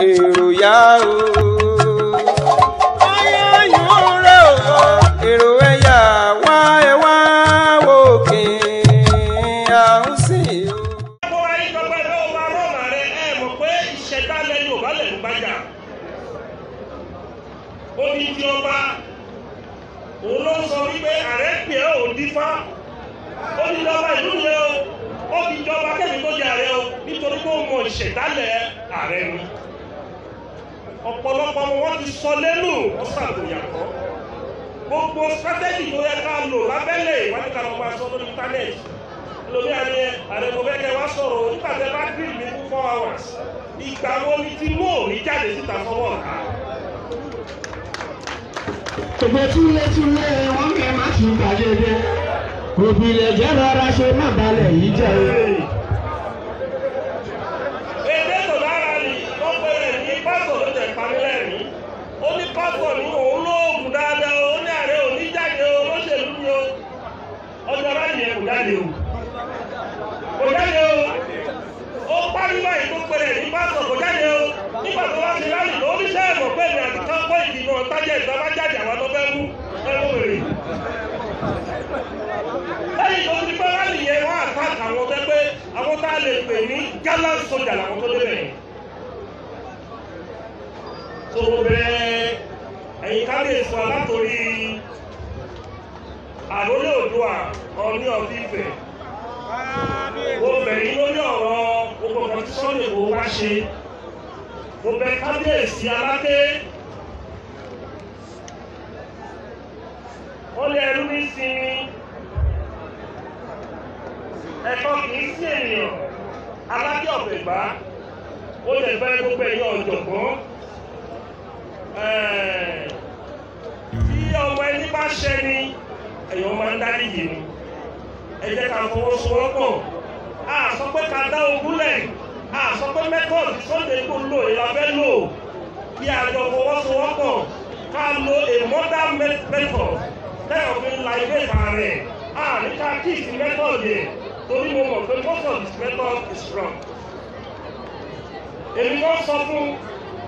èrò yá o. ayọ̀yún rẹ̀ o. èrò ẹ̀yà wá ẹ̀ wá òkè àrùn sí i. ẹ̀kọ́ ayé ìjọba ẹ̀rọ ọba rọ́ọ̀mà rẹ̀ ẹ̀ mọ̀ pé ìṣẹ̀dá o ó fi jọba kẹ́mi tó jẹ ààrẹ o nítorí pé mọ ìṣẹ̀dálẹ̀ ààrẹ ni ọ̀pọ̀lọpọ̀ wọn ti sọ lẹ́nu ọ̀sàtòyàkọ́ gbogbo strategy tó yẹ ká lò lábẹ́lẹ̀ ìwádìí kan ọgbà sọ lórí internet lórí ààrẹ ààrẹ mo fẹ́ kẹ́ wá sọ̀rọ̀ nígbà tẹ bá green ní four hours ìgbà wo ni tí mo ò ní jáde síta fọwọ́ ọ̀tá. Ògbè túlé túlé wọn kẹ́ má ti gbàgede, òbí jẹ́ rọra ṣe má balẹ̀ yìí jẹ́ o. pọ̀ ní òun lóògùn dáadáa o ní ààrẹ òní jáde o ni o ọjọ́ báyìí kò jáde o kò jáde o ó parí báyìí tó pẹlẹ ní pásọ kò jáde o nígbà tó wá sí láàyè ló ní sẹ́ẹ̀ mọ̀ pé ní àti káńpọ̀ ìdìbò tájẹ́ ìjọba jáde àwọn tó fẹ́ mú ẹ̀rọ wèrè lẹ́yìn tó ti pẹ́ láàyè yẹn wọ́n àtàkà àwọn tó pé àwọn tá a lè pè ní gallant soldier làwọn tó débẹ̀ yẹn. tó bẹ́ẹ̀ ẹ̀yin kábíyèsí wa látòrí àlólè òdua ọní ọ̀fi ìfẹ́ mo bẹ̀ yín lórí ọ̀rọ̀ gbogbo kan tí sọ́ọ̀lì kò wá ṣe mo bẹ̀ kábíyèsí aláké ó lé ẹrú ní sinmi ẹ̀kọ́ kì sí ènìyàn aláké ọ̀fẹ́ gbà ó lè fẹ́ gbogbo ẹ̀yin ọ̀jọ̀gbọ́n ọmọ ẹni bá ṣẹ ni ẹ̀yàn máa ń dárí yìí ni ẹ jẹ́ fọwọ́sowọ́pọ̀ a sọ pé ká dá ogún lẹ̀ a sọ pé method Sunday kò lò ìlà fẹ́ lò kí a fọwọ́sowọ́pọ̀ ká lo a modern method lẹ́yìn òfin la ilé ìta rẹ̀ a ní ká kí ìsìn method yẹn torí mo mọ̀ pé most of this method is wrong èmi náà sọ fún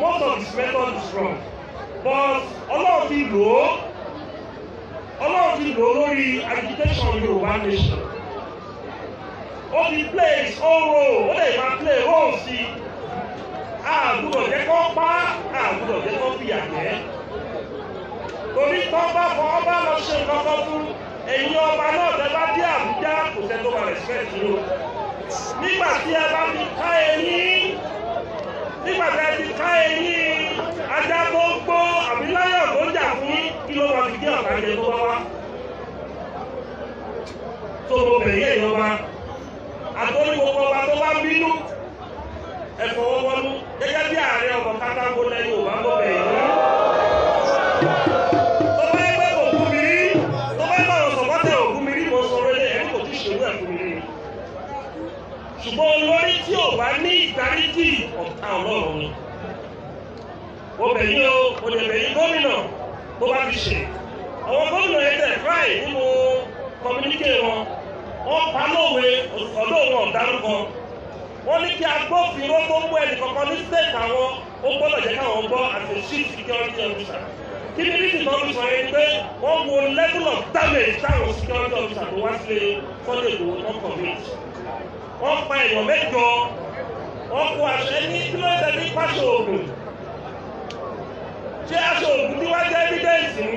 most of this method is wrong but ọlọ́run ti lò ó ọlọ́run ti lò lórí agitation yorùbá nation ó ti play his own role ó lè máa play role sí i àgùdọ̀ jẹ́ kó pa àgùdọ̀ jẹ́ kó fìyà jẹ́ torí tó bá fọ ọba lọ ṣe lọ́kọ́ fún ẹ̀yin ọba náà tẹ bá dé àbújá kò tẹ tó bá respect yìí o nígbà tí ẹ bá fi ká ẹyin nígbà tí ẹ fi ká ẹyin ajá tó gbó àbí láyà bá fi jẹ́ àtàjẹ tó bá wá tó mo bẹ̀yẹ ìjọba àtọ́nìwọ́pọ̀ bá tó bá bínú ẹ̀fọ́wọ́wọ́nú gẹ́gẹ́ bí ààrẹ ọkọ̀ kátákó lẹ́yìn ò bá ń bọ̀ bẹ̀yẹ. tó bá yẹ pé kò kú mi rí tó bá yẹ pé ọ̀sán pátá ò kú mi rí mo sọ rẹ́lẹ̀ ẹ̀ kò tí ì ṣòwò ẹ̀kú mi rí. ṣùgbọ́n olórí tí ò bá ní ìdáríjì ọ̀tá ọlọ́run ni. mo bẹ̀ o mo lè bẹ̀ gómìnà tó bá fi ṣe tó wọn dárúkọ wọ́n ní kí agbófinró tó mú ẹnì kankan ní state àwọn ó gbọ́dọ̀ jẹ́ káwọn gbọ́ as a chief security officer kí ni bí tìtọ́ fi sọ yẹn pé wọ́n wo level of damage táwọn security officer tó wá sílé sunday ìgbòho tó kọ̀ mí wọ́n pa èèyàn mẹ́jọ wọ́n kó aṣọ ẹni tí ló ń tẹ̀lé pàṣẹ òògùn ṣé aṣọ òògùn tí wá jẹ́ evidence ni.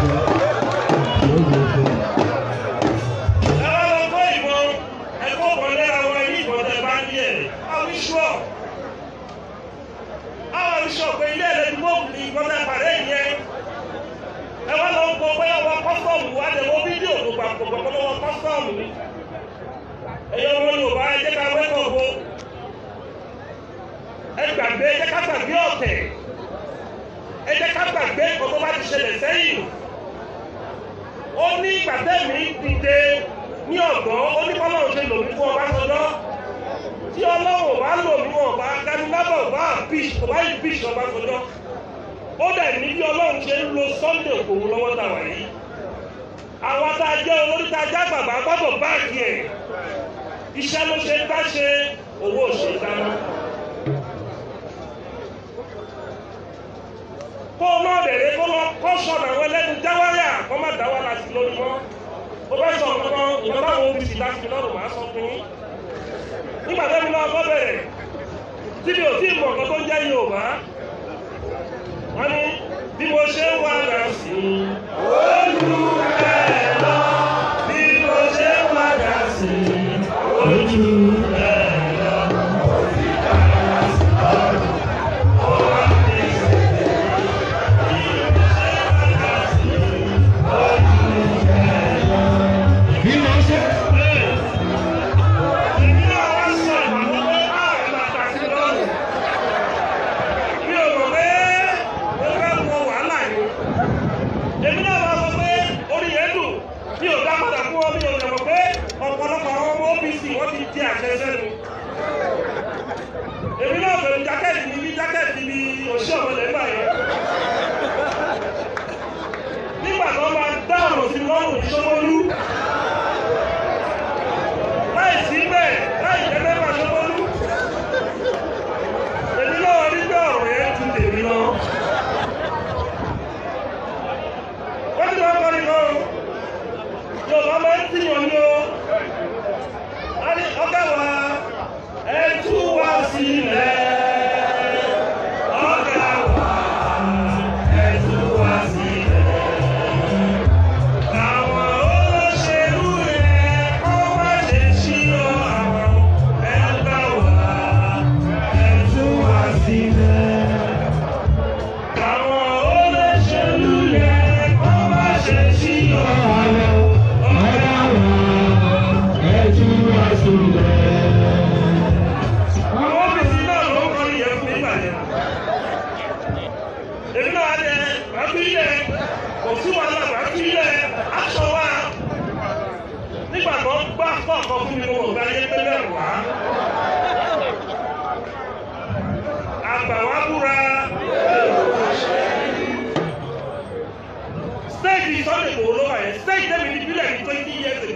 dìde ní ọ̀gbọ́n ó ní kọ́lọ́ ṣe lò mí fún Ọbásanjọ́ tí ọlọ́wọ̀ bá lò mí wọn bá ganilábọ̀ bá bíṣ bá yìí bíṣ Ọbásanjọ́ ó dẹ̀ ní bí Ọlọ́run ṣe ń lo Sunday Igboho lọ́wọ́ tàwa yìí àwọn tá a jẹ́ olórí tá a já bàbá gbọ́dọ̀ báàgì ẹ̀ iṣẹ́ ló ṣe ń bá ṣe owó òṣèlú dáná. kó náà rèé kó lọ kó sọ̀rọ̀ àwọn ẹlẹ́nu jáwáyà kó má dáwọ́ láti lórí mọ́ mo sọ ọ̀kan ìjọba àwọn obc láti fi lọ́rùn máa sọ fún yín nígbà tó ń lọ bẹ̀rẹ̀ tí mi ò tí ì mọ̀ ọ̀kan tó ń jẹ́ Yorùbá wọ́n ní bí mo ṣe ń wá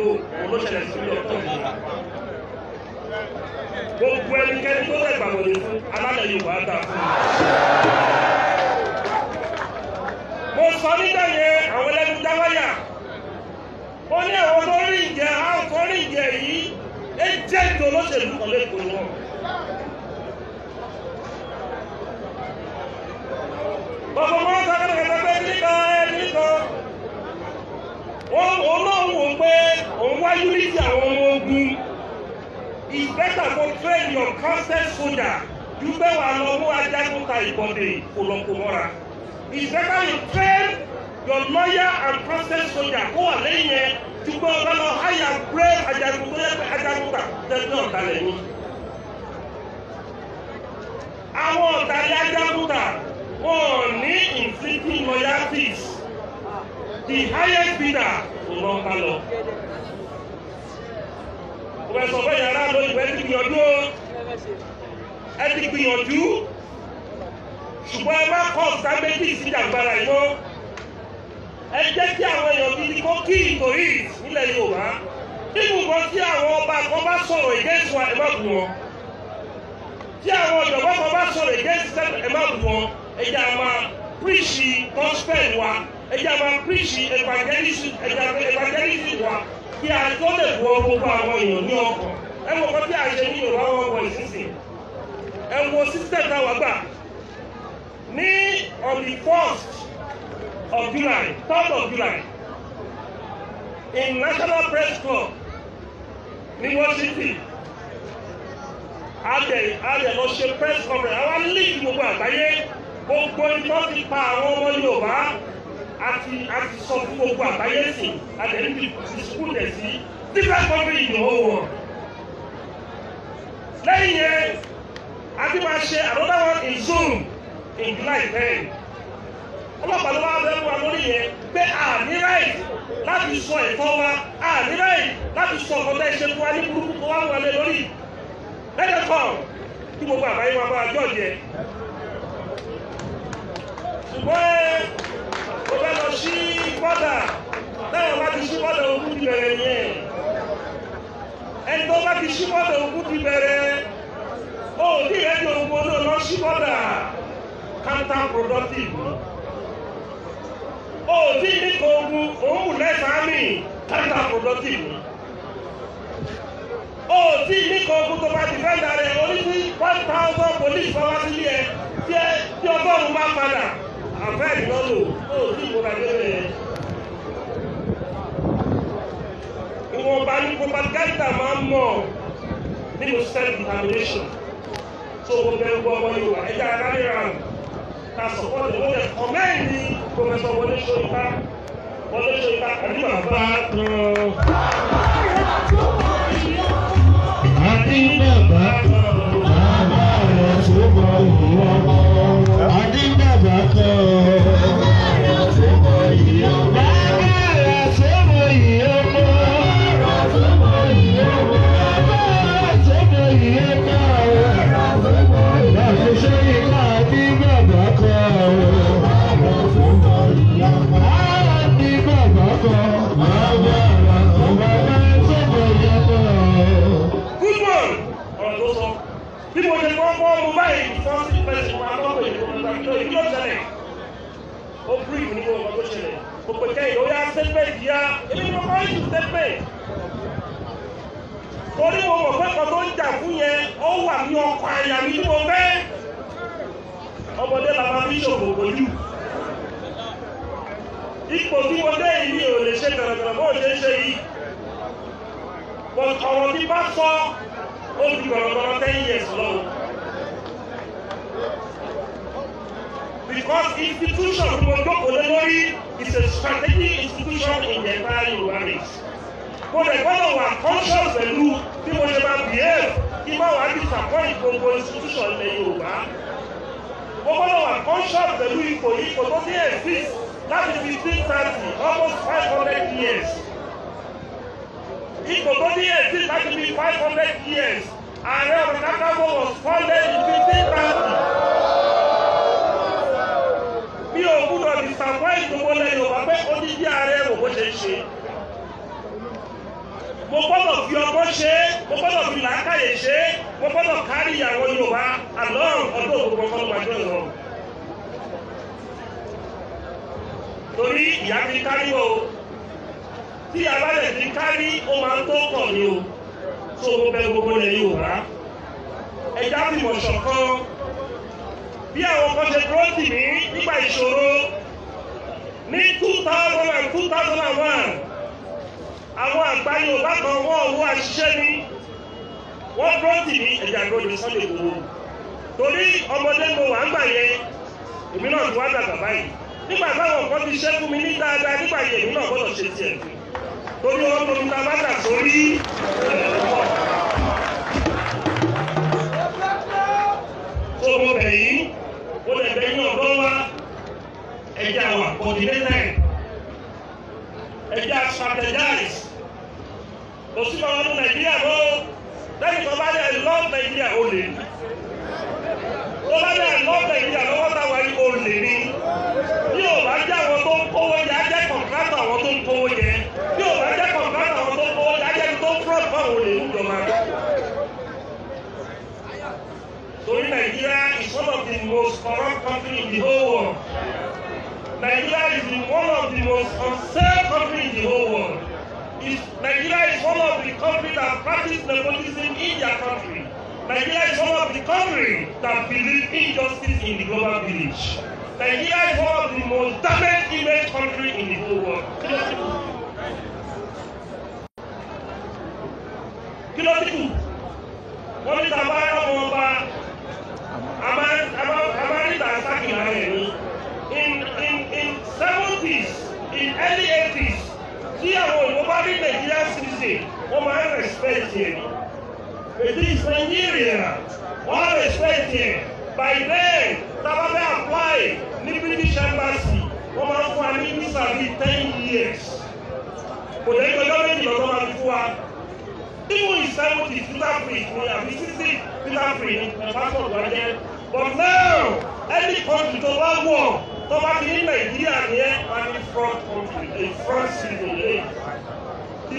ìlú olóṣèlè sílẹ̀ tó yìí gbogbo ẹnikẹ́ni tó fẹ́ gbàgbọ́ ní fún alálẹ̀ yorùbá dà fún mi. mo sọ nígbà yẹn àwọn ẹlẹ́nu dáwáyà ó ní àwọn olórí ìjẹ akọrin ìjẹ yìí ẹ jẹ́ ìjọ olóṣèlú kan lẹ́kọ̀ọ́ ni wọ́n. bàbá wọn sọ kẹ́kẹ́ kẹ́kẹ́ pé nígbà ẹ̀ nígbà wọn olóhùn pé òun wá unity àwọn ọmọ ogun it's better for train your constant soldier You pé wà lọ mú ajagun ta ìbọ̀dé kòlọ̀kò mọ́ra it's better you train your lawyer and constant soldier kó wà lẹ́yìn yẹn ju pé ọba lọ hire brave ajagun tó yẹ pé ajagun ta tẹ̀lé ọ̀dàlẹ̀ ni. àwọn ọ̀dàlẹ̀ ajagun ta wọn ní inflicting loyalties the highest bidder kò lọ pẹ̀sọ̀ fẹ́ yàrá lórí pẹ̀ ti gbìyànjú o ẹ ti gbìyànjú ṣùgbọ́n ẹ má kọ́ ọ̀sá méjì sí ìjàgbara yìí o ẹ jẹ́ kí àwọn èèyàn bíi ní kó kí ìtòrí nílẹ̀ Yorùbá nínú nǹkan tí àwọn ọba kan bá sọ̀rọ̀ ìdẹ́sùn ẹ má bù wọn tí àwọn ọ̀jọ̀gbọ́n kan bá sọ̀rọ̀ ìdẹ́sùn ẹ wọn ẹ jẹ́ a máa gospel wa ẹ jẹ́ a máa píríṣì evangelism wa kí a tó lè wọ gbogbo àwọn èèyàn ní ọkọ̀ ẹ wọ kọ́ bí a ṣe ní Yorùbá wọn wọ ìsinsìn ẹ wo system náà wá gbà ní on the first of July third of July in National Press Club ní Washington adẹ adẹ lọ ṣe press conference àwọn líìkì gbogbo àgbáyé gbogbo ìtọ́ ti pa àwọn ọmọ Yorùbá àti àti sọ fún gbogbo àgbáyé sìn àtẹ̀lẹ́bí sùkúù tẹ̀ sí different country in the whole world. lẹ́yìn yẹn a ti máa ṣe another one in Zoom in July ten eh. ọlọ́pàá ló máa bẹ́ẹ̀ wá lórí yẹn pé àní ráì láti sọ ẹ̀tọ́ wa àní ráì láti sọ ọ̀gọ́dá ìṣe fún wa ní burúkú tó wá wọlé lórí lẹ́yìn kan kí gbogbo àgbáyé wa bá a jọ̀ọ́ yẹ. ṣùgbọ́n fẹ́ lọ sí bọ́dà táwọn bá ti sí bọ́dà ogun ti bẹ̀rẹ̀ yẹn ẹni tó bá ti sí bọ́dà ogun ti bẹ̀rẹ̀ ó ti rẹ̀ di ogun náà lọ sí bọ́dà counter productive ó ti ní kó ogun òun wù lẹ́sàn-án mi counter productive ó ti ní kó ogun tó bá ti fẹ́ darẹ̀ orí sí one thousand police fọwọ́ sílé ẹ tí ọgọ́rùn-ún bá padà àbẹ́ ìlọ́lò ó sì ìwọ́n àgbẹ̀rẹ̀ yẹn. ìwọ̀nba ní propaganda máa ń mọ̀ nínú self determination tó o bẹ̀rù bọ́ ọmọ Yorùbá ẹja arábìnrin ta sọ̀kọ́ tẹ̀ wọ́n yẹ kọ́mẹ́ẹ̀ ní Professor Wọlé Ṣóyínká Wọlé Ṣóyínká àdìmọ̀ àbá. ọ̀rọ̀ tó sọ bí mo ṣe kọ́ kọ́ mo báyìí fún sí pẹ̀sì wọn lọ́pọ̀ ìlú ọ̀nà tó ìlú ọ̀sẹ̀lẹ̀ ó bírí ìlú ní ọ̀nà tó ṣẹlẹ̀ mo pè kẹ́yìn ó yá sẹ́pẹ̀ ìyá èmi mo kọ́ ìtù sẹ́pẹ̀ torí mo mọ̀ pé kan tó ń jà fún yẹn ó wà ní ọkọ̀ àyà mi tí mo fẹ́ ọmọdé la máa fi ṣòwò pẹ̀lú ipò tí mo dé yìí mi ò lè ṣe gbẹ̀rẹ̀gbẹ̀rẹ̀ bó ṣe ń ṣe yìí ọ̀rọ̀ tí bá sọ Only ti gbọ̀rọ̀gbọ̀rọ̀ ten years long, because institution tí mo jókòó lé lórí is a strategic institution in the entire Yorùbá race. the lè was wà conscious pẹ̀lú bí mo ṣe máa behave kí n bá wàá disappoint gbogbo institution the Yorùbá. mo gbọ́dọ̀ wà conscious pẹ̀lú ipò ipò tó ti exist láti fifteen thirty almost five hundred years. Ikobodi exists that will be 500 years. Ààrẹ Ọ̀nà Kakanfò was founded in fifteen thousand. Bí o gbúdọ̀ disappoint gbogbo lẹ́yìn o, wàá pé odidi ààrẹ rò bó ṣe ń ṣe. Mo gbọ́dọ̀ fi ọgbọ́n ṣe é, mo gbọ́dọ̀ fi làákàyè ṣe é, mo gbọ́dọ̀ kárí ìyàwó Yorùbá àlọ́run ọdún òkú kan fọ́nù wájú ẹ̀rọ. Torí ìyá mi kárí o tí a bá lè fi kárí ó máa ń tó kọ̀ ni o tó o bẹ gbogbo ilẹ̀ Yorùbá ẹja fìmọ̀ ṣọ̀kan bí àwọn kan ṣe dúró tì mí nígbà ìṣòro ní two thousand and two thousand and one àwọn àgbà Yorùbá kan wọ́n owó àṣìṣe ni wọ́n dúró tì mí ẹja dúró ní Sunday Igboho torí ọmọdé mo wà ń gbà yẹn èmi náà ti wá dàgbà báyìí nígbà táwọn kan ti ṣẹ́kù mi ní dáadáa nígbà yẹn èmi náà gbọ́dọ̀ ṣe tiẹ̀ tó ní wọn tóbi tá a bá tà sórí. tó mo bẹ̀ yìí ó lè bẹ ní ọ̀dọ́ wa ẹ̀jẹ̀ àwọn coordinated ẹ̀jẹ̀ strategize kò sí ọmọ ọdún Nàìjíríà mọ́ lẹ́yìn tó bá dẹ̀ lọ́ọ̀ Nàìjíríà ó lè tó bá dẹ̀ lọ́ọ̀ Nàìjíríà lọ́wọ́. from one company in the whole world. Nigeria is one of the most unsafe countries in the whole world. It's, Nigeria is one of the countries that practice nepotism in their country. Nigeria is one of the countries that believe injustice in the global village. Nigeria is one of the most damaged image country in the whole world. Kí ló ti kù? Wọ́n ní tàbá ẹ̀rọ any atheist tí àwọn òyìnbó bá rí nàìjíríà ṣiṣe wọ́n máa ń respect ẹ̀ ní. èdè ìsanyíìrìà wọ́n respect ẹ̀ by then tábà fẹ́ apply ní british embassy wọ́n máa ń fún wa ní visa bíi ten years. kò dé ìgbẹ́jọ́ méjì lọ́dọ́ máa ń fún wa. Even in seventy Peter free ni àbí sixty Peter free ni pastor but now any country tó bá wọ̀ tó bá ti ní nàìjíríà ní ẹ wá ní front country a front city a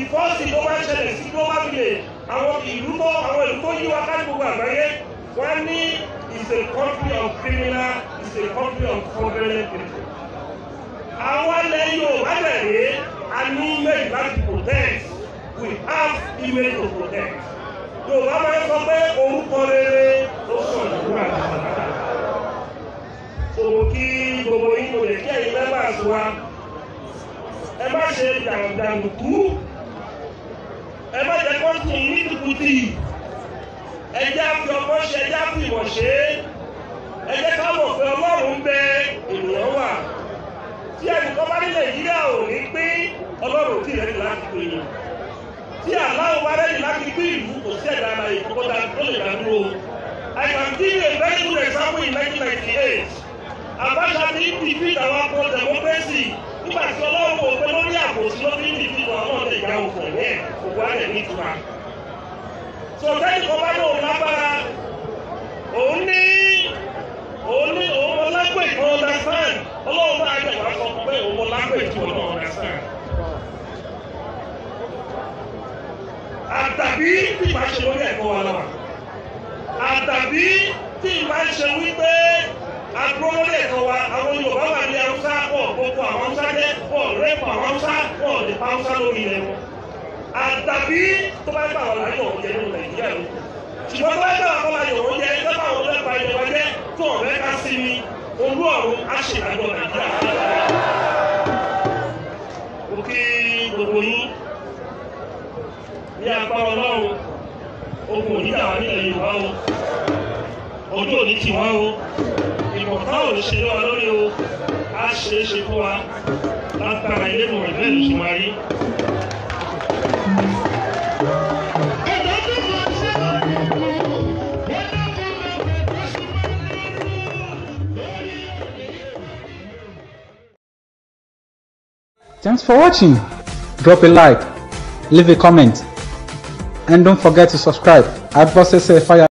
ìfọ́sí tó bá ṣẹlẹ̀ sí global village àwọn ìlú tó àwọn ìlú tó yí wa ká gbogbo àgbáyé wọ́n ní is a country of criminal is a country of fraudulent people. àwọn ilẹ̀ Yorùbá tẹ̀lé a ní image láti protect we have image to protect. Yorùbá máa ń sọ pé orúkọ rere ló sọ ìdúrà àgbàlagbà òun kí gbogbo yín kò lè kẹ́yìn mẹ́fà sí wa ẹ má ṣe dàǹdàǹdùkú ẹ má jẹ́ kó tún ní kùkùtì ẹ jẹ́ àfi ọgbọ́n ṣe ẹ jẹ́ àfi ìmọ̀ ṣe ẹ jẹ́ ká mọ̀ pé ọlọ́run ń bẹ ènìyàn wà tí ẹnìkan bá ní nàìjíríà ò ní pín ọlọ́run tí ìrẹ́ni láti pín yìí tí aláwọ̀ bá rẹ́ni láti pín ìlú kò sí ẹ̀dá ara ìkókó tó lè dá dúró I can give you a very good example in 1998. Abacha ti defeat our pro-democracy nígbà tí ọlọ́run kò pé lórí àbòsí ló fi ń defeat wọn náà lè yàwó pẹ̀lú ẹ̀ kò wá rẹ̀ nítura. sọ̀tẹ́ni kan bá lóun lágbára òun ní òun ní òun ọlágbè tó understand ọlọ́run bá rẹ̀ wá sọ pé òun ọlágbè tó understand. àtàbí tí ìbá lórí ẹ̀kọ́ wa lọ́wọ́ àtàbí tí ìbá wípé agbọ́nlẹ̀ kan wa àwọn Yorùbá wà ní Haúsá pọ̀ gbogbo àwọn Haúsá jẹ́ pọ̀ rẹ́pọ̀ àwọn Haúsá pọ̀ lè pa Haúsá lórí ilẹ̀ wọn. àtàbí tó bá gbà wọn láyọ̀ ọ̀jẹ̀ nínú Nàìjíríà ló ṣùgbọ́n tó bá gbà wọn láyọ̀ ọ̀jẹ̀ tó bá wọn lẹ́pa ìjọba jẹ́ tó ọ̀rẹ́ ká sí mi olú ọ̀run á Nàìjíríà. mo gbogbo yín ní apá Ọlọ́run ogun òní táwọn ò ṣe lọ́wọ́ lórí o á ṣe é ṣe fún wa látara ilé mọ̀rẹ́ bẹ́ẹ̀ ló ṣe máa rí. Thanks for watching. Drop a like, leave a comment, and don't forget to subscribe at Boss Fire.